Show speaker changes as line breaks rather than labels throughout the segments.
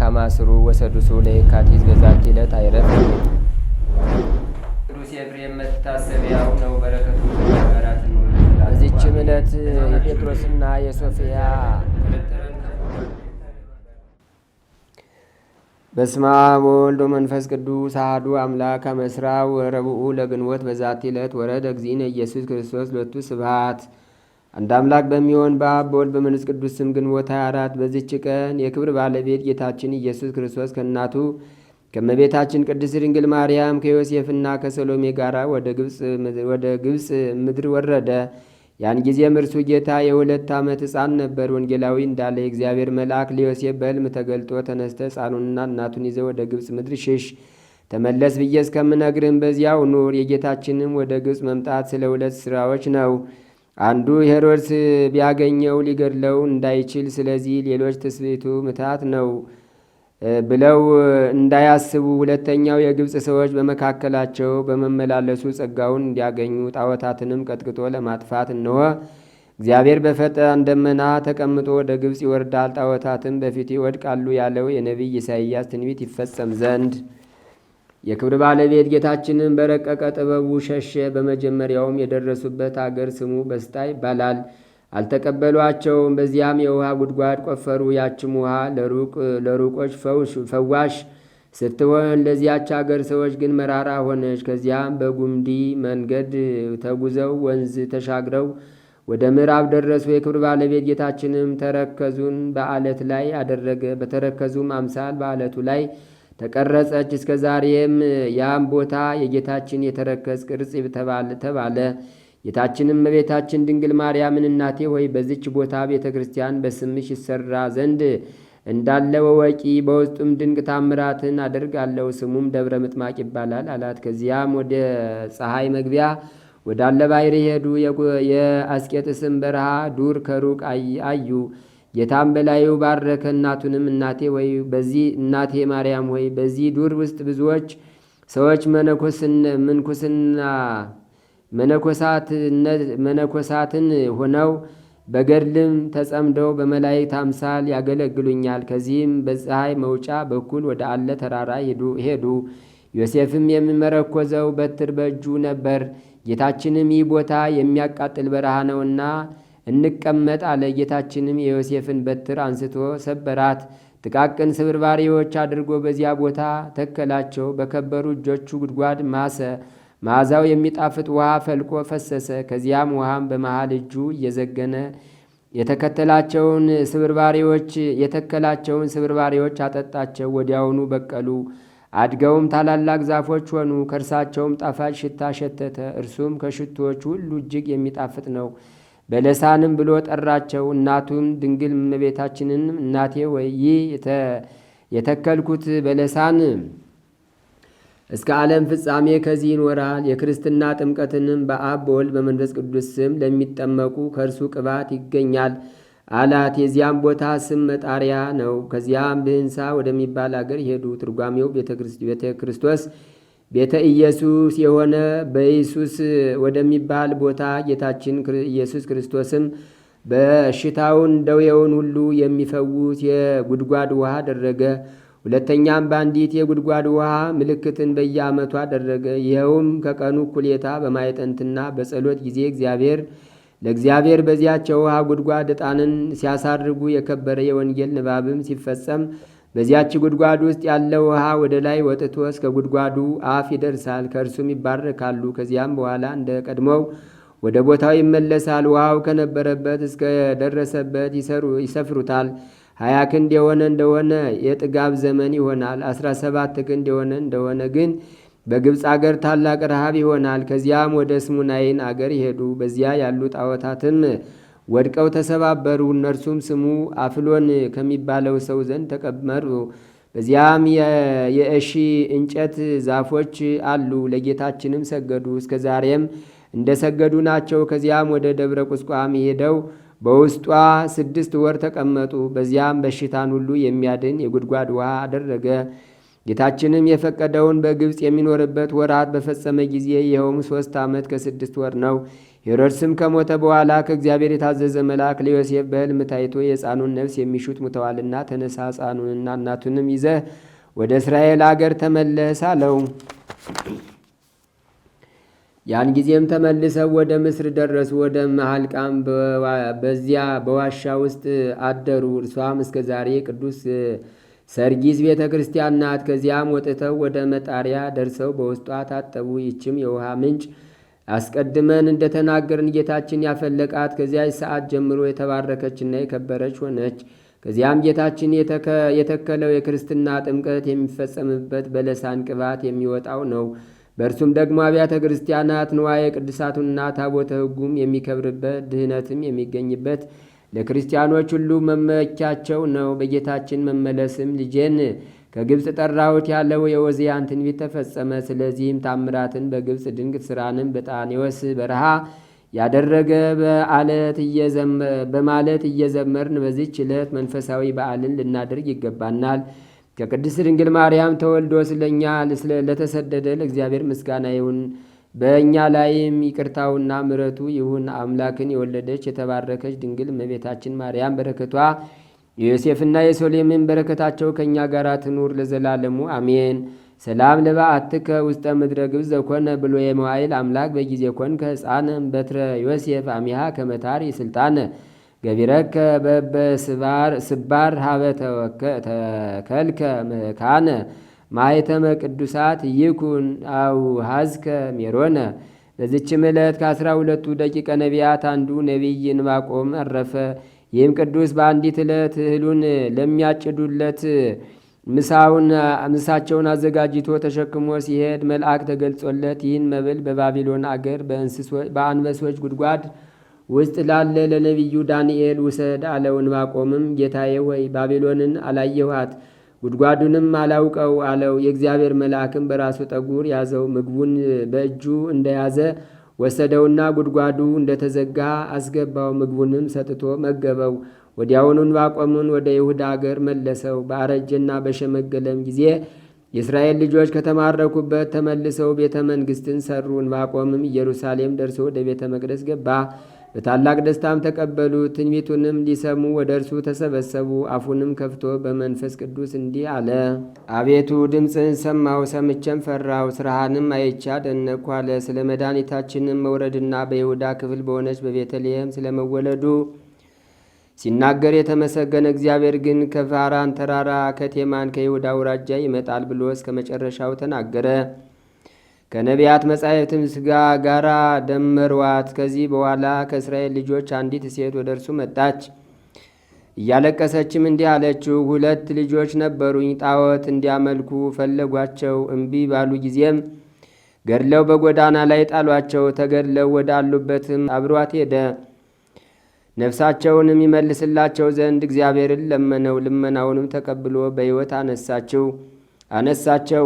ከማስሩ ወሰዱሱ ለየካቲት በዛቲ ዕለት አይረፍ ቅዱስ ኤፍሬም መታሰቢያው ነው። በረከቱ ነው። በዚችም ዕለት የጴጥሮስና የሶፊያ በስማ ወልድ መንፈስ ቅዱስ አህዱ አምላክ አመስራ ወረብኡ ለግንቦት በዛቲ ዕለት ወረደ እግዚእነ ኢየሱስ ክርስቶስ ሎቱ ስብሐት አንድ አምላክ በሚሆን በአብ በወልድ በመንፈስ ቅዱስ ስም ግንቦት 24 በዚች ቀን የክብር ባለቤት ጌታችን ኢየሱስ ክርስቶስ ከእናቱ ከመቤታችን ቅድስት ድንግል ማርያም ከዮሴፍና ከሰሎሜ ጋር ወደ ግብፅ ምድር ወረደ። ያን ጊዜም እርሱ ጌታ የሁለት ዓመት ሕፃን ነበር። ወንጌላዊ እንዳለ የእግዚአብሔር መልአክ ለዮሴፍ በሕልም ተገልጦ ተነስተ ሕፃኑንና እናቱን ይዘ ወደ ግብፅ ምድር ሽሽ ተመለስ ብዬ እስከምነግርም በዚያው ኑር። የጌታችንም ወደ ግብፅ መምጣት ስለ ሁለት ስራዎች ነው። አንዱ ሄሮድስ ቢያገኘው ሊገድለው እንዳይችል ስለዚህ ሌሎች ትስቤቱ ምታት ነው ብለው እንዳያስቡ፣ ሁለተኛው የግብፅ ሰዎች በመካከላቸው በመመላለሱ ጸጋውን እንዲያገኙ ጣዖታትንም ቀጥቅጦ ለማጥፋት እንሆ እግዚአብሔር በፈጣን ደመና ተቀምጦ ወደ ግብፅ ይወርዳል፣ ጣዖታትም በፊት ይወድቃሉ ያለው የነቢይ ኢሳይያስ ትንቢት ይፈጸም ዘንድ የክብር ባለቤት ጌታችንን በረቀቀ ጥበቡ ሸሸ። በመጀመሪያውም የደረሱበት አገር ስሙ በስጣ ይባላል። አልተቀበሏቸውም። በዚያም የውሃ ጉድጓድ ቆፈሩ። ያችም ውሃ ለሩቆች ፈዋሽ ስትሆን ለዚያች አገር ሰዎች ግን መራራ ሆነች። ከዚያም በጉምዲ መንገድ ተጉዘው ወንዝ ተሻግረው ወደ ምዕራብ ደረሱ። የክብር ባለቤት ጌታችንም ተረከዙን በአለት ላይ አደረገ። በተረከዙም አምሳል በአለቱ ላይ ተቀረጸች። እስከ ዛሬም ያም ቦታ የጌታችን የተረከዝ ቅርጽ ተባለ። ጌታችንም እመቤታችን ድንግል ማርያምን እናቴ ሆይ በዚች ቦታ ቤተ ክርስቲያን በስምሽ ይሰራ ዘንድ እንዳለ ወቂ በውስጡም ድንቅ ታምራትን አደርጋለሁ ስሙም ደብረ ምጥማቅ ይባላል አላት። ከዚያም ወደ ፀሐይ መግቢያ ወዳለባይር ሄዱ ባሕር የሄዱ የአስቄጥስን በረሃ ዱር ከሩቅ አዩ። ጌታም በላዩ ባረከ። እናቱንም እናቴ ወይ በዚህ እናቴ ማርያም ወይ በዚህ ዱር ውስጥ ብዙዎች ሰዎች ምንኩስና መነኮሳትን ሆነው በገድልም ተጸምደው በመላእክት አምሳል ያገለግሉኛል። ከዚህም በፀሐይ መውጫ በኩል ወደ አለ ተራራ ሄዱ። ዮሴፍም የሚመረኮዘው በትር በእጁ ነበር። ጌታችንም ይህ ቦታ የሚያቃጥል በረሃ ነውና እንቀመጥ አለ። ጌታችንም የዮሴፍን በትር አንስቶ ሰበራት፣ ጥቃቅን ስብርባሪዎች አድርጎ በዚያ ቦታ ተከላቸው። በከበሩ እጆቹ ጉድጓድ ማሰ። መዓዛው የሚጣፍጥ ውሃ ፈልቆ ፈሰሰ። ከዚያም ውሃም በመሃል እጁ እየዘገነ የተከተላቸውን ስብርባሪዎች የተከላቸውን ስብርባሪዎች አጠጣቸው። ወዲያውኑ በቀሉ፣ አድገውም ታላላቅ ዛፎች ሆኑ። ከእርሳቸውም ጣፋጭ ሽታ ሸተተ። እርሱም ከሽቶዎች ሁሉ እጅግ የሚጣፍጥ ነው። በለሳንም ብሎ ጠራቸው። እናቱም ድንግል እመቤታችንን እናቴ ወይ ይህ የተከልኩት በለሳን እስከ ዓለም ፍጻሜ ከዚህ ይኖራል። የክርስትና ጥምቀትንም በአብ በወልድ በመንፈስ ቅዱስ ስም ለሚጠመቁ ከእርሱ ቅባት ይገኛል አላት። የዚያም ቦታ ስም መጣሪያ ነው። ከዚያም ብህንሳ ወደሚባል አገር ሄዱ። ትርጓሜው ቤተ ክርስቶስ ቤተ ኢየሱስ የሆነ በኢየሱስ ወደሚባል ቦታ ጌታችን ኢየሱስ ክርስቶስም በሽታውን ደዌውን ሁሉ የሚፈውስ የጉድጓድ ውሃ አደረገ። ሁለተኛም በአንዲት የጉድጓድ ውሃ ምልክትን በየዓመቱ አደረገ። ይኸውም ከቀኑ እኩሌታ በማይጠንትና በጸሎት ጊዜ እግዚአብሔር ለእግዚአብሔር በዚያቸው ውሃ ጉድጓድ ዕጣንን ሲያሳርጉ የከበረ የወንጌል ንባብም ሲፈጸም በዚያች ጉድጓድ ውስጥ ያለው ውሃ ወደ ላይ ወጥቶ እስከ ጉድጓዱ አፍ ይደርሳል። ከእርሱም ይባረካሉ። ከዚያም በኋላ እንደ ቀድሞው ወደ ቦታው ይመለሳል። ውሃው ከነበረበት እስከ ደረሰበት ይሰፍሩታል። ሀያ ክንድ የሆነ እንደሆነ የጥጋብ ዘመን ይሆናል። አስራ ሰባት ክንድ የሆነ እንደሆነ ግን በግብፅ አገር ታላቅ ረሃብ ይሆናል። ከዚያም ወደ ስሙናይን አገር ይሄዱ። በዚያ ያሉ ጣዖታትም ወድቀው ተሰባበሩ። እነርሱም ስሙ አፍሎን ከሚባለው ሰው ዘንድ ተቀመጡ። በዚያም የእሺ እንጨት ዛፎች አሉ። ለጌታችንም ሰገዱ፣ እስከ ዛሬም እንደ ሰገዱ ናቸው። ከዚያም ወደ ደብረ ቁስቋም ሄደው በውስጧ ስድስት ወር ተቀመጡ። በዚያም በሽታን ሁሉ የሚያድን የጉድጓድ ውሃ አደረገ። ጌታችንም የፈቀደውን በግብፅ የሚኖርበት ወራት በፈጸመ ጊዜ ይኸውም ሶስት ዓመት ከስድስት ወር ነው። ሄሮድስም ከሞተ በኋላ ከእግዚአብሔር የታዘዘ መልአክ ለዮሴፍ በሕልም ታይቶ የሕፃኑን ነፍስ የሚሹት ሙተዋልና ተነሳ፣ ሕፃኑንና እናቱንም ይዘህ ወደ እስራኤል አገር ተመለስ አለው። ያን ጊዜም ተመልሰው ወደ ምስር ደረሱ። ወደ መሃልቃም በዚያ በዋሻ ውስጥ አደሩ። እርሷም እስከ ዛሬ ቅዱስ ሰርጊስ ቤተ ክርስቲያን ናት። ከዚያም ወጥተው ወደ መጣሪያ ደርሰው በውስጧ ታጠቡ። ይችም የውሃ ምንጭ አስቀድመን እንደተናገርን ጌታችን ያፈለቃት ከዚያች ሰዓት ጀምሮ የተባረከችና የከበረች ሆነች። ከዚያም ጌታችን የተከለው የክርስትና ጥምቀት የሚፈጸምበት በለሳን ቅባት የሚወጣው ነው። በእርሱም ደግሞ አብያተ ክርስቲያናት ንዋየ ቅድሳቱና ታቦተ ሕጉም የሚከብርበት ድህነትም የሚገኝበት ለክርስቲያኖች ሁሉ መመቻቸው ነው። በጌታችን መመለስም ልጄን ከግብፅ ጠራሁት ያለው የወዚያን ትንቢት ተፈጸመ። ስለዚህም ታምራትን በግብፅ ድንቅ ስራንም በጣኔዎስ በረሃ ያደረገ በማለት እየዘመርን በዚች ዕለት መንፈሳዊ በዓልን ልናደርግ ይገባናል። ከቅድስት ድንግል ማርያም ተወልዶ ስለኛ ለተሰደደ ለእግዚአብሔር ምስጋና ይሁን። በእኛ ላይም ይቅርታውና ምረቱ ይሁን። አምላክን የወለደች የተባረከች ድንግል እመቤታችን ማርያም በረከቷ የዮሴፍና የሶሌምን በረከታቸው ከእኛ ጋር ትኑር ለዘላለሙ አሜን። ሰላም ለባአትከ ውስጠ ምድረ ግብፅ ዘኮነ ብሎ የመዋይል አምላክ በጊዜ ኮንከ ሕፃነ በትረ ዮሴፍ አሚሃ ከመታሪ ስልጣነ ገቢረከ በበስባር ሀበ ተከልከ መካነ ማይተመ ቅዱሳት ይኩን ሀዝከ ሜሮነ። በዚችም ዕለት ከአስራ ሁለቱ ደቂቀ ነቢያት አንዱ ነቢይ ዕንባቆም አረፈ። ይህም ቅዱስ በአንዲት ዕለት እህሉን ለሚያጭዱለት ምሳውን ምሳቸውን አዘጋጅቶ ተሸክሞ ሲሄድ መልአክ ተገልጾለት ይህን መብል በባቢሎን አገር በአንበሶች ጉድጓድ ውስጥ ላለ ለነቢዩ ዳንኤል ውሰድ አለው። ባቆምም ጌታዬ ሆይ ባቢሎንን አላየኋት ጉድጓዱንም አላውቀው አለው። የእግዚአብሔር መልአክም በራሱ ጠጉር ያዘው። ምግቡን በእጁ እንደያዘ ወሰደውና ጉድጓዱ እንደተዘጋ አስገባው። ምግቡንም ሰጥቶ መገበው። ወዲያውኑን ባቆሙን ወደ ይሁዳ አገር መለሰው። በአረጀና በሸመገለም ጊዜ የእስራኤል ልጆች ከተማረኩበት ተመልሰው ቤተ መንግሥትን ሰሩ። ዕንባቆምም ኢየሩሳሌም ደርሶ ወደ ቤተ መቅደስ ገባ። በታላቅ ደስታም ተቀበሉ። ትንቢቱንም ሊሰሙ ወደ እርሱ ተሰበሰቡ። አፉንም ከፍቶ በመንፈስ ቅዱስ እንዲህ አለ። አቤቱ ድምፅህን ሰማሁ፣ ሰምቼም ፈራሁ፣ ስርሃንም አይቻ አደነቅኩ አለ። ስለ መድኃኒታችንም መውረድና በይሁዳ ክፍል በሆነች በቤተልሔም ስለመወለዱ ሲናገር የተመሰገነ እግዚአብሔር ግን ከፋራን ተራራ ከቴማን ከይሁዳ አውራጃ ይመጣል ብሎ እስከ መጨረሻው ተናገረ። ከነቢያት መጻሕፍትም ስጋ ጋራ ደመርዋት። ከዚህ በኋላ ከእስራኤል ልጆች አንዲት ሴት ወደ እርሱ መጣች፣ እያለቀሰችም እንዲህ አለችው፣ ሁለት ልጆች ነበሩኝ፣ ጣዖት እንዲያመልኩ ፈለጓቸው። እምቢ ባሉ ጊዜም ገድለው በጎዳና ላይ ጣሏቸው። ተገድለው ወዳሉበትም አብሯት ሄደ። ነፍሳቸውንም ይመልስላቸው ዘንድ እግዚአብሔርን ለመነው። ልመናውንም ተቀብሎ በሕይወት አነሳቸው አነሳቸው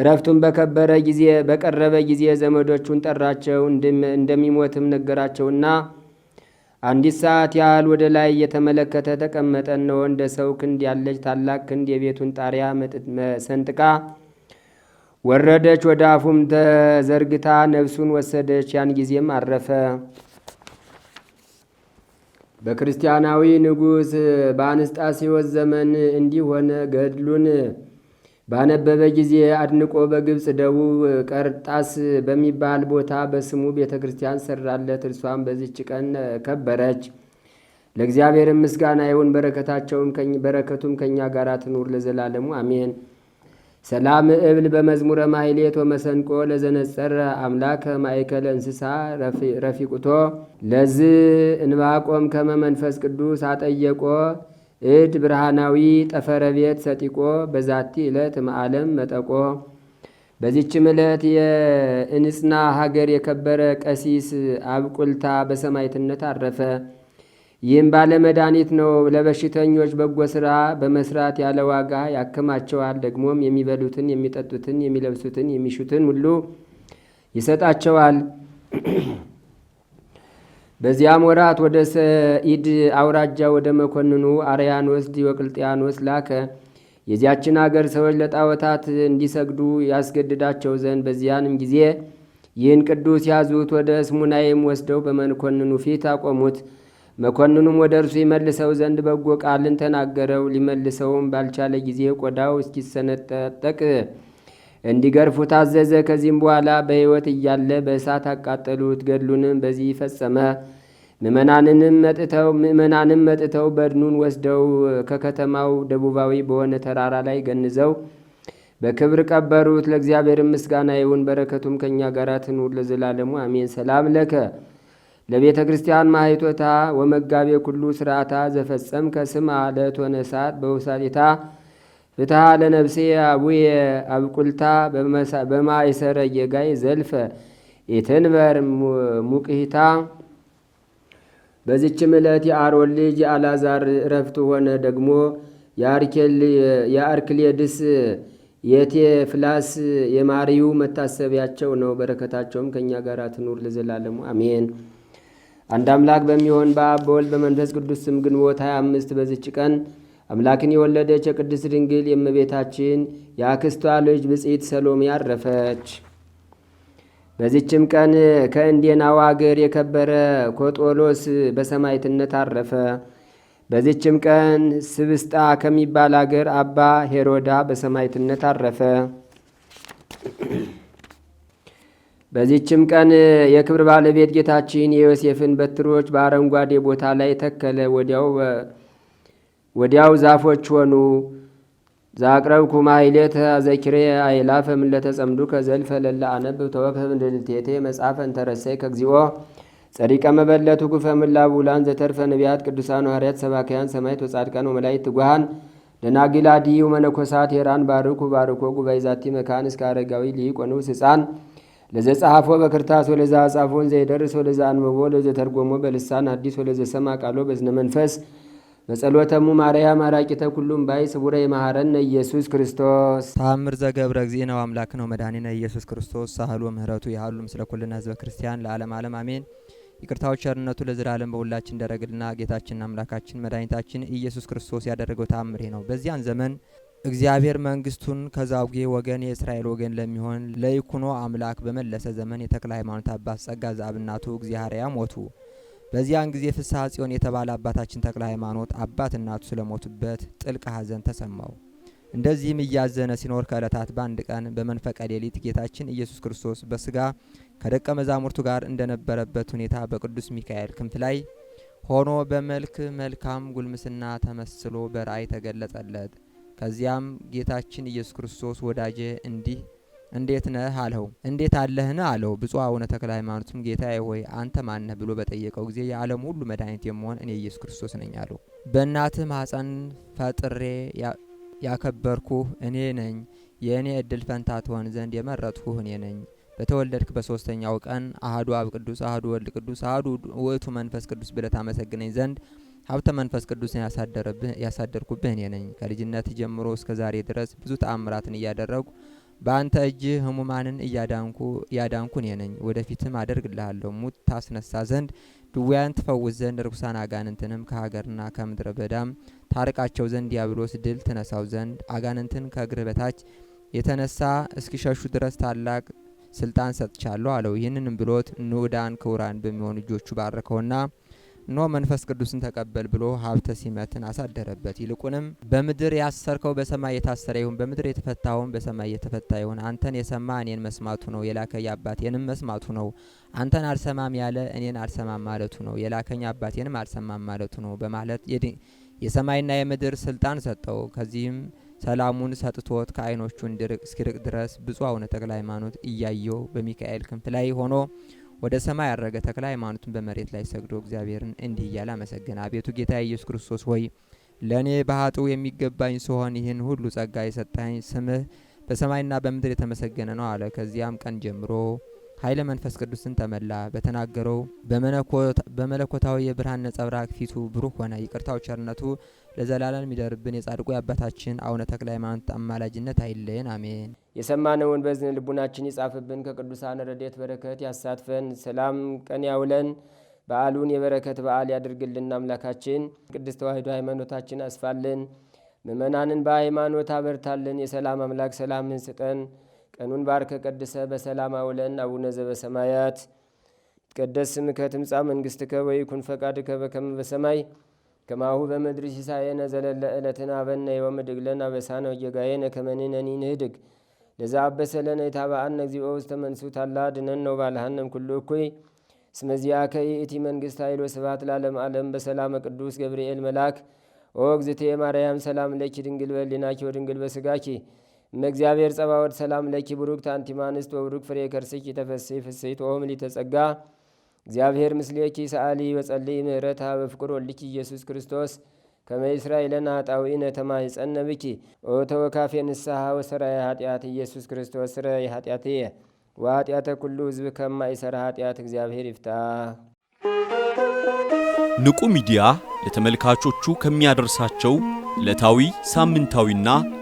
እረፍቱን በከበረ ጊዜ በቀረበ ጊዜ ዘመዶቹን ጠራቸው፣ እንደሚሞትም ነገራቸውና አንዲት ሰዓት ያህል ወደ ላይ እየተመለከተ ተቀመጠ። እነሆ እንደ ሰው ክንድ ያለች ታላቅ ክንድ የቤቱን ጣሪያ ሰንጥቃ ወረደች፣ ወደ አፉም ተዘርግታ ነፍሱን ወሰደች። ያን ጊዜም አረፈ። በክርስቲያናዊ ንጉሥ በአንስጣሴዎስ ዘመን እንዲህ ሆነ። ገድሉን ባነበበ ጊዜ አድንቆ በግብፅ ደቡብ ቀርጣስ በሚባል ቦታ በስሙ ቤተ ክርስቲያን ሰራለት። እርሷም በዚች ቀን ከበረች። ለእግዚአብሔር ምስጋና ይሁን፣ በረከታቸውም በረከቱም ከእኛ ጋር ትኑር ለዘላለሙ አሜን። ሰላም እብል በመዝሙረ ማይሌት ወመሰንቆ ለዘነጸረ አምላከ ማእከለ እንስሳ ረፊቁቶ ለዝ እንባቆም ከመመንፈስ ቅዱስ አጠየቆ እድ ብርሃናዊ ጠፈረ ቤት ሰጢቆ በዛቲ ዕለት ማዓለም መጠቆ። በዚችም ዕለት የእንጽና ሀገር የከበረ ቀሲስ አብቁልታ በሰማይትነት አረፈ። ይህም ባለ ነው። ለበሽተኞች በጎ ስራ በመስራት ያለ ዋጋ ያክማቸዋል። ደግሞም የሚበሉትን፣ የሚጠጡትን፣ የሚለብሱትን፣ የሚሹትን ሁሉ ይሰጣቸዋል። በዚያም ወራት ወደ ሰኢድ አውራጃ ወደ መኮንኑ አርያኖስ ዲዮቅልጥያኖስ ላከ። የዚያችን አገር ሰዎች ለጣዖታት እንዲሰግዱ ያስገድዳቸው ዘንድ። በዚያንም ጊዜ ይህን ቅዱስ ያዙት፣ ወደ ስሙናይም ወስደው በመኮንኑ ፊት አቆሙት። መኮንኑም ወደ እርሱ ይመልሰው ዘንድ በጎ ቃልን ተናገረው። ሊመልሰውም ባልቻለ ጊዜ ቆዳው እስኪሰነጠጠቅ እንዲገርፉ ታዘዘ። ከዚህም በኋላ በሕይወት እያለ በእሳት አቃጠሉት። ገድሉንም በዚህ ፈጸመ። ምእመናንንም መጥተው ምእመናንም መጥተው በድኑን ወስደው ከከተማው ደቡባዊ በሆነ ተራራ ላይ ገንዘው በክብር ቀበሩት። ለእግዚአብሔር ምስጋና ይሁን፣ በረከቱም ከእኛ ጋር ትኑር ለዘላለሙ አሜን። ሰላም ለከ ለቤተ ክርስቲያን ማኅቶታ ወመጋቤ ኩሉ ስርዓታ ዘፈጸም ከስም አለት ወነሳት በውሳዴታ ፍትሐ ለነብሴ አቡየ አብቁልታ በማይሰረ የጋይ ዘልፈ የተንበር ሙቅሂታ በዚችም ዕለት የአሮን ልጅ የአላዛር እረፍት ሆነ። ደግሞ የአርክሌድስ የቴፍላስ የማሪዩ መታሰቢያቸው ነው። በረከታቸውም ከእኛ ጋር ትኑር ለዘላለሙ አሜን። አንድ አምላክ በሚሆን በአብ በወልድ በመንፈስ ቅዱስ ስም ግንቦት 25 በዚች ቀን አምላክን የወለደች የቅድስት ድንግል የእመቤታችን የአክስቷ ልጅ ብጽት ሰሎሜ አረፈች። በዚችም ቀን ከእንዴናዋ አገር የከበረ ኮጦሎስ በሰማይትነት አረፈ። በዚችም ቀን ስብስጣ ከሚባል አገር አባ ሄሮዳ በሰማይትነት አረፈ። በዚችም ቀን የክብር ባለቤት ጌታችን የዮሴፍን በትሮች በአረንጓዴ ቦታ ላይ ተከለ። ወዲያው ወዲያው ዛፎች ሆኑ። ዛቅረብኩ ማይሌተ ዘኪሬ አይላፈ ምለተ ጸምዱከ ዘልፈ ለለ አነብብ ተወከብ እንድልቴቴ መጽሐፈ እንተረሰይ ከግዚኦ ጸሪቀ መበለቱ ጉፈ ምላቡላን ዘተርፈ ነቢያት ቅዱሳን ሐዋርያት ሰባክያን ሰማይት ወጻድቃን ወመላይት ትጉሃን ደናግል መነኮሳት ሄራን ባርኩ ባርኮ ጉባኤ ዛቲ መካን እስከ አረጋዊ ሊቆኑ ለዘ ጸሐፎ በክርታስ ወለዛ አጻፎን ዘይደርስ ወለዛ አንብቦ ለዘተርጎሞ በልሳን አዲስ ወለዘ ሰማ ቃሎ በዝነ መንፈስ በጸሎተሙ ማርያ ማራቂ ተኩሉም ባይ ስቡረ የማሐረነ ኢየሱስ
ክርስቶስ ታምር ዘገብረ ነው አምላክ ነው መድኃኒነ ኢየሱስ ክርስቶስ ሳህሉ ምህረቱ ያህሉም ስለ ኩልነ ህዝበ ክርስቲያን ለዓለም ዓለም አሜን። ይቅርታው ቸርነቱ ለዘላለም በሁላችን ደረግልና ጌታችን አምላካችን መድኃኒታችን ኢየሱስ ክርስቶስ ያደረገው ታምሬ ነው። በዚያን ዘመን እግዚአብሔር መንግስቱን ከዛጉዌ ወገን የእስራኤል ወገን ለሚሆን ለይኩኖ አምላክ በመለሰ ዘመን የተክለ ሃይማኖት አባት ጸጋ ዘአብ እናቱ እግዚአብሔር ሞቱ። በዚያን ጊዜ ፍስሐ ጽዮን የተባለ አባታችን ተክለ ሃይማኖት አባት እናቱ ስለሞቱበት ጥልቅ ሐዘን ተሰማው። እንደዚህም እያዘነ ሲኖር ከዕለታት በአንድ ቀን በመንፈቀ ሌሊት ጌታችን ኢየሱስ ክርስቶስ በስጋ ከደቀ መዛሙርቱ ጋር እንደነበረበት ሁኔታ በቅዱስ ሚካኤል ክንፍ ላይ ሆኖ በመልክ መልካም ጉልምስና ተመስሎ በራእይ ተገለጸለት። ከዚያም ጌታችን ኢየሱስ ክርስቶስ ወዳጄ እንዲህ እንዴት ነህ አለው። እንዴት አለህን አለው። ብፁዕ አቡነ ተክለ ሃይማኖትም ጌታዬ ሆይ አንተ ማነህ ብሎ በጠየቀው ጊዜ የዓለም ሁሉ መድኃኒት የመሆን እኔ ኢየሱስ ክርስቶስ ነኝ አለው። በእናትህ ማኅፀን ፈጥሬ ያከበርኩህ እኔ ነኝ። የእኔ እድል ፈንታ ትሆን ዘንድ የመረጥኩህ እኔ ነኝ። በተወለድክ በሶስተኛው ቀን አህዱ አብ ቅዱስ፣ አህዱ ወልድ ቅዱስ፣ አህዱ ውእቱ መንፈስ ቅዱስ ብለህ ታመሰግነኝ ዘንድ ሀብተ መንፈስ ቅዱስን ያሳደርኩብህ እኔ ነኝ። ከልጅነት ጀምሮ እስከ ዛሬ ድረስ ብዙ ተአምራትን እያደረጉ በአንተ እጅ ህሙማንን እያዳንኩ ያዳንኩ እኔ ነኝ። ወደፊትም አደርግልሃለሁ። ሙት ታስነሳ ዘንድ ድውያን ትፈውስ ዘንድ ርኩሳን አጋንንትንም ከሀገርና ከምድረ በዳም ታርቃቸው ዘንድ ዲያብሎስ ድል ትነሳው ዘንድ አጋንንትን ከእግር በታች የተነሳ እስኪሸሹ ድረስ ታላቅ ስልጣን ሰጥቻለሁ አለው። ይህንንም ብሎት ንዑዳን ክቡራን በሚሆኑ እጆቹ ባረከውና ኖ መንፈስ ቅዱስን ተቀበል ብሎ ሀብተ ሲመትን አሳደረበት። ይልቁንም በምድር ያሰርከው በሰማይ የታሰረ ይሁን፣ በምድር የተፈታውን በሰማይ የተፈታ ይሁን። አንተን የሰማ እኔን መስማቱ ነው፣ የላከኝ አባቴንም መስማቱ ነው። አንተን አልሰማም ያለ እኔን አልሰማም ማለቱ ነው፣ የላከኝ አባቴንም አልሰማም ማለቱ ነው በማለት የሰማይና የምድር ስልጣን ሰጠው። ከዚህም ሰላሙን ሰጥቶት ከዓይኖቹ እስኪርቅ ድረስ ብፁዕ አቡነ ተክለ ሃይማኖት እያየው በሚካኤል ክንፍ ላይ ሆኖ ወደ ሰማይ ያረገ ተክለ ሃይማኖቱን በመሬት ላይ ሰግዶ እግዚአብሔርን እንዲህ እያለ አመሰገነ። አቤቱ ጌታ ኢየሱስ ክርስቶስ ሆይ ለእኔ በኃጡ የሚገባኝ ሲሆን ይህን ሁሉ ጸጋ የሰጣኝ ስምህ በሰማይና በምድር የተመሰገነ ነው አለ። ከዚያም ቀን ጀምሮ ኃይለ መንፈስ ቅዱስን ተመላ። በተናገረው በመለኮታዊ የብርሃን ነጸብራቅ ፊቱ ብሩህ ሆነ። ይቅርታው ቸርነቱ ለዘላለም የሚደርብን የጻድቁ የአባታችን አቡነ ተክለ ሃይማኖት አማላጅነት አይለየን፣ አሜን።
የሰማነውን በዝን ልቡናችን ይጻፍብን፣ ከቅዱሳን ረድኤት በረከት ያሳትፈን፣ ሰላም ቀን ያውለን፣ በዓሉን የበረከት በዓል ያድርግልን። አምላካችን ቅድስት ተዋሕዶ ሃይማኖታችን አስፋልን፣ ምእመናንን በሃይማኖት አበርታልን። የሰላም አምላክ ሰላምን ስጠን። ቀኑን ባርከ ቀድሰ በሰላም አውለን። አቡነ ዘበሰማያት ይትቀደስ ስምከ ትምጻእ መንግሥትከ ወይኩን ፈቃድከ በከመ በሰማይ ከማሁ በምድሪ ሲሳየነ ዘለለ ዕለትነ ሀበነ ዮም ወኅድግ ለነ አበሳነ ወጌጋየነ ከመ ንሕነኒ ንኅድግ ለዘአበሰ ለነ ኢታብአነ እግዚኦ ውስተ መንሱት አላ አድኅነነ ወባልሐነ እምኩሉ እኩይ እስመ ዚአከ ይእቲ መንግስት ኃይል ወስብሐት ለዓለመ ዓለም። በሰላመ ቅዱስ ገብርኤል መልአክ ኦ እግዝእትየ ማርያም ሰላም ለኪ ድንግል በሕሊናኪ ወድንግል በሥጋኪ እመእግዚአብሔር ጸባወድ ሰላም ለኪ ብሩክ ታንቲማንስት ወብሩክ ፍሬ ከርስኪ ተፈሥሒ ፍሥሕት ኦም ሊተጸጋ እግዚአብሔር ምስሌኪ ሰአሊ በጸልይ ምህረታ በፍቅር ወልኪ ኢየሱስ ክርስቶስ ከመ እስራኤልን አጣዊነ ተማኅፀነ ብኪ ኦ ተወካፌ ንስሐ ወሰራይ ኃጢአት ኢየሱስ ክርስቶስ ስረይ ኃጢአትየ ወኃጢአተ ኩሉ ሕዝብ ከማይሰራ ኃጢአት እግዚአብሔር ይፍታ።
ንቁ ሚዲያ ለተመልካቾቹ ከሚያደርሳቸው ዕለታዊ ሳምንታዊና